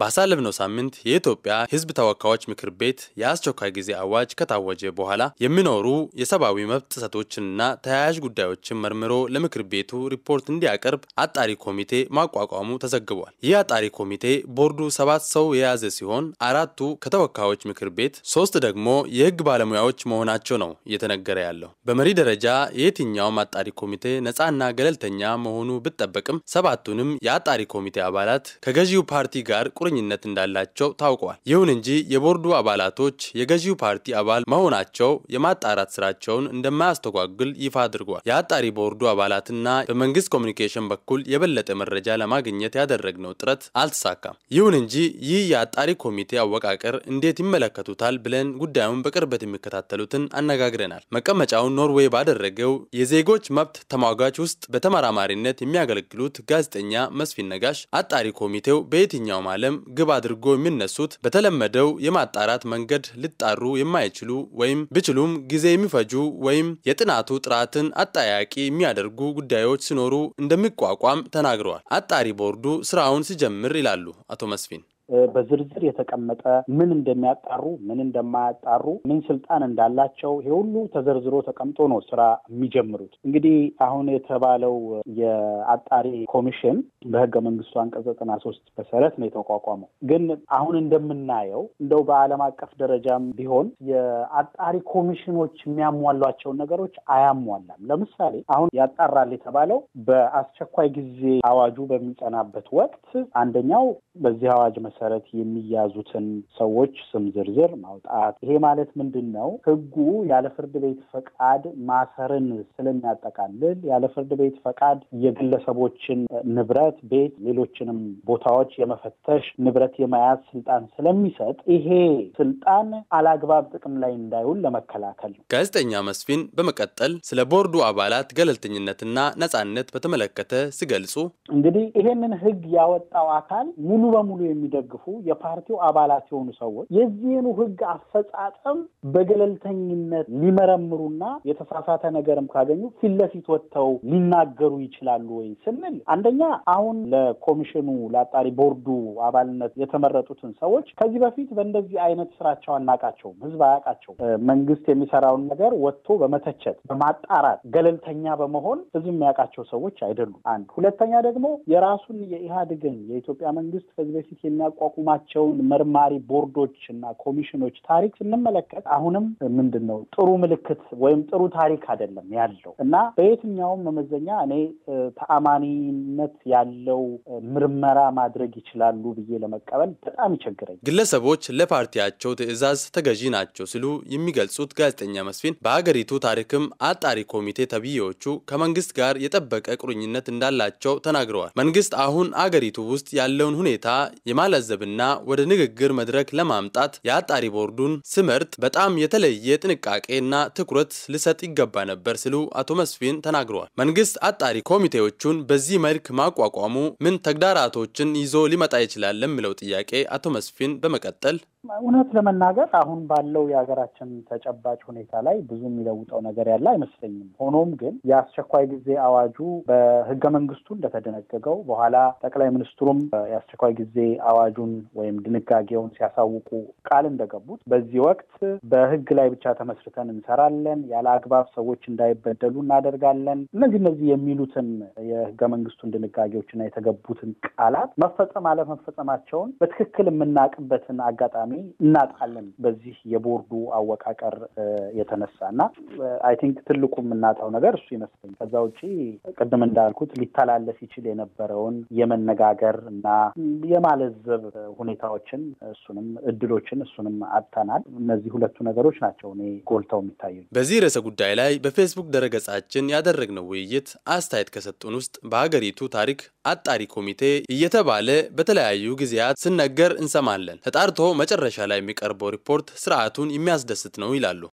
ባሳለፍነው ሳምንት የኢትዮጵያ ሕዝብ ተወካዮች ምክር ቤት የአስቸኳይ ጊዜ አዋጅ ከታወጀ በኋላ የሚኖሩ የሰብአዊ መብት ጥሰቶችንና ተያያዥ ጉዳዮችን መርምሮ ለምክር ቤቱ ሪፖርት እንዲያቀርብ አጣሪ ኮሚቴ ማቋቋሙ ተዘግቧል። ይህ አጣሪ ኮሚቴ ቦርዱ ሰባት ሰው የያዘ ሲሆን አራቱ ከተወካዮች ምክር ቤት፣ ሶስት ደግሞ የህግ ባለሙያዎች መሆናቸው ነው እየተነገረ ያለው። በመሪ ደረጃ የየትኛውም አጣሪ ኮሚቴ ነፃና ገለልተኛ መሆኑ ብጠበቅም ሰባቱንም የአጣሪ ኮሚቴ አባላት ከገዢው ፓርቲ ጋር ቁርኝነት እንዳላቸው ታውቋል። ይሁን እንጂ የቦርዱ አባላቶች የገዢው ፓርቲ አባል መሆናቸው የማጣራት ስራቸውን እንደማያስተጓጉል ይፋ አድርጓል። የአጣሪ ቦርዱ አባላትና በመንግስት ኮሚኒኬሽን በኩል የበለጠ መረጃ ለማግኘት ያደረግነው ጥረት አልተሳካም። ይሁን እንጂ ይህ የአጣሪ ኮሚቴ አወቃቀር እንዴት ይመለከቱታል ብለን ጉዳዩን በቅርበት የሚከታተሉትን አነጋግረናል። መቀመጫውን ኖርዌይ ባደረገው የዜጎች መብት ተሟጋች ውስጥ በተመራማሪነት የሚያገለግሉት ጋዜጠኛ መስፊን ነጋሽ አጣሪ ኮሚቴው በየትኛውም ዓለም ዓለም ግብ አድርጎ የሚነሱት በተለመደው የማጣራት መንገድ ሊጣሩ የማይችሉ ወይም ቢችሉም ጊዜ የሚፈጁ ወይም የጥናቱ ጥራትን አጠያቂ የሚያደርጉ ጉዳዮች ሲኖሩ እንደሚቋቋም ተናግረዋል። አጣሪ ቦርዱ ስራውን ሲጀምር ይላሉ አቶ መስፊን በዝርዝር የተቀመጠ ምን እንደሚያጣሩ፣ ምን እንደማያጣሩ፣ ምን ስልጣን እንዳላቸው ይሄ ሁሉ ተዘርዝሮ ተቀምጦ ነው ስራ የሚጀምሩት። እንግዲህ አሁን የተባለው የአጣሪ ኮሚሽን በህገ መንግስቱ አንቀጽ ዘጠና ሶስት መሰረት ነው የተቋቋመው። ግን አሁን እንደምናየው እንደው በዓለም አቀፍ ደረጃም ቢሆን የአጣሪ ኮሚሽኖች የሚያሟሏቸውን ነገሮች አያሟላም። ለምሳሌ አሁን ያጣራል የተባለው በአስቸኳይ ጊዜ አዋጁ በሚጸናበት ወቅት አንደኛው በዚህ አዋጅ መሰረት የሚያዙትን ሰዎች ስም ዝርዝር ማውጣት። ይሄ ማለት ምንድን ነው? ህጉ ያለ ፍርድ ቤት ፈቃድ ማሰርን ስለሚያጠቃልል ያለ ፍርድ ቤት ፈቃድ የግለሰቦችን ንብረት፣ ቤት፣ ሌሎችንም ቦታዎች የመፈተሽ ንብረት የመያዝ ስልጣን ስለሚሰጥ ይሄ ስልጣን አላግባብ ጥቅም ላይ እንዳይውል ለመከላከል ነው። ጋዜጠኛ መስፊን በመቀጠል ስለ ቦርዱ አባላት ገለልተኝነትና ነጻነት በተመለከተ ሲገልጹ እንግዲህ ይሄንን ህግ ያወጣው አካል ሙሉ በሙሉ የሚደ የሚደግፉ የፓርቲው አባላት የሆኑ ሰዎች የዚህኑ ህግ አፈጻጸም በገለልተኝነት ሊመረምሩና የተሳሳተ ነገርም ካገኙ ፊት ለፊት ወጥተው ሊናገሩ ይችላሉ ወይ ስንል አንደኛ አሁን ለኮሚሽኑ ለአጣሪ ቦርዱ አባልነት የተመረጡትን ሰዎች ከዚህ በፊት በእንደዚህ አይነት ስራቸው አናቃቸውም። ህዝብ አያውቃቸው መንግስት የሚሰራውን ነገር ወጥቶ በመተቸት በማጣራት ገለልተኛ በመሆን ህዝብ የሚያውቃቸው ሰዎች አይደሉም። አንድ ሁለተኛ ደግሞ የራሱን የኢህአዴግን የኢትዮጵያ መንግስት ከዚህ በፊት የሚያ የሚያቋቁማቸውን መርማሪ ቦርዶች እና ኮሚሽኖች ታሪክ ስንመለከት አሁንም ምንድን ነው ጥሩ ምልክት ወይም ጥሩ ታሪክ አይደለም ያለው እና በየትኛውም መመዘኛ እኔ ተአማኒነት ያለው ምርመራ ማድረግ ይችላሉ ብዬ ለመቀበል በጣም ይቸግረኝ። ግለሰቦች ለፓርቲያቸው ትዕዛዝ ተገዢ ናቸው ሲሉ የሚገልጹት ጋዜጠኛ መስፊን በሀገሪቱ ታሪክም አጣሪ ኮሚቴ ተብዬዎቹ ከመንግስት ጋር የጠበቀ ቁርኝነት እንዳላቸው ተናግረዋል። መንግስት አሁን አገሪቱ ውስጥ ያለውን ሁኔታ የማለ ለማስገንዘብና ወደ ንግግር መድረክ ለማምጣት የአጣሪ ቦርዱን ስመርጥ በጣም የተለየ ጥንቃቄና ትኩረት ልሰጥ ይገባ ነበር ሲሉ አቶ መስፍን ተናግረዋል። መንግስት አጣሪ ኮሚቴዎቹን በዚህ መልክ ማቋቋሙ ምን ተግዳራቶችን ይዞ ሊመጣ ይችላል ለሚለው ጥያቄ አቶ መስፍን በመቀጠል እውነት ለመናገር አሁን ባለው የሀገራችን ተጨባጭ ሁኔታ ላይ ብዙ የሚለውጠው ነገር ያለ አይመስለኝም። ሆኖም ግን የአስቸኳይ ጊዜ አዋጁ በህገ መንግስቱ እንደተደነገገው በኋላ ጠቅላይ ሚኒስትሩም የአስቸኳይ ጊዜ አዋጁ አዋጁን ወይም ድንጋጌውን ሲያሳውቁ ቃል እንደገቡት በዚህ ወቅት በህግ ላይ ብቻ ተመስርተን እንሰራለን፣ ያለ አግባብ ሰዎች እንዳይበደሉ እናደርጋለን። እነዚህ እነዚህ የሚሉትን የህገ መንግስቱን ድንጋጌዎችና የተገቡትን ቃላት መፈጸም አለመፈጸማቸውን በትክክል የምናውቅበትን አጋጣሚ እናጣለን። በዚህ የቦርዱ አወቃቀር የተነሳ እና አይ ቲንክ ትልቁ የምናጣው ነገር እሱ ይመስለኝ። ከዛ ውጪ ቅድም እንዳልኩት ሊተላለፍ ይችል የነበረውን የመነጋገር እና የማለዘብ ያሉት ሁኔታዎችን እሱንም እድሎችን እሱንም አጥተናል። እነዚህ ሁለቱ ነገሮች ናቸው እኔ ጎልተው የሚታዩ። በዚህ ርዕሰ ጉዳይ ላይ በፌስቡክ ደረገጻችን ያደረግነው ውይይት አስተያየት ከሰጡን ውስጥ በሀገሪቱ ታሪክ አጣሪ ኮሚቴ እየተባለ በተለያዩ ጊዜያት ስነገር እንሰማለን። ተጣርቶ መጨረሻ ላይ የሚቀርበው ሪፖርት ስርዓቱን የሚያስደስት ነው ይላሉ።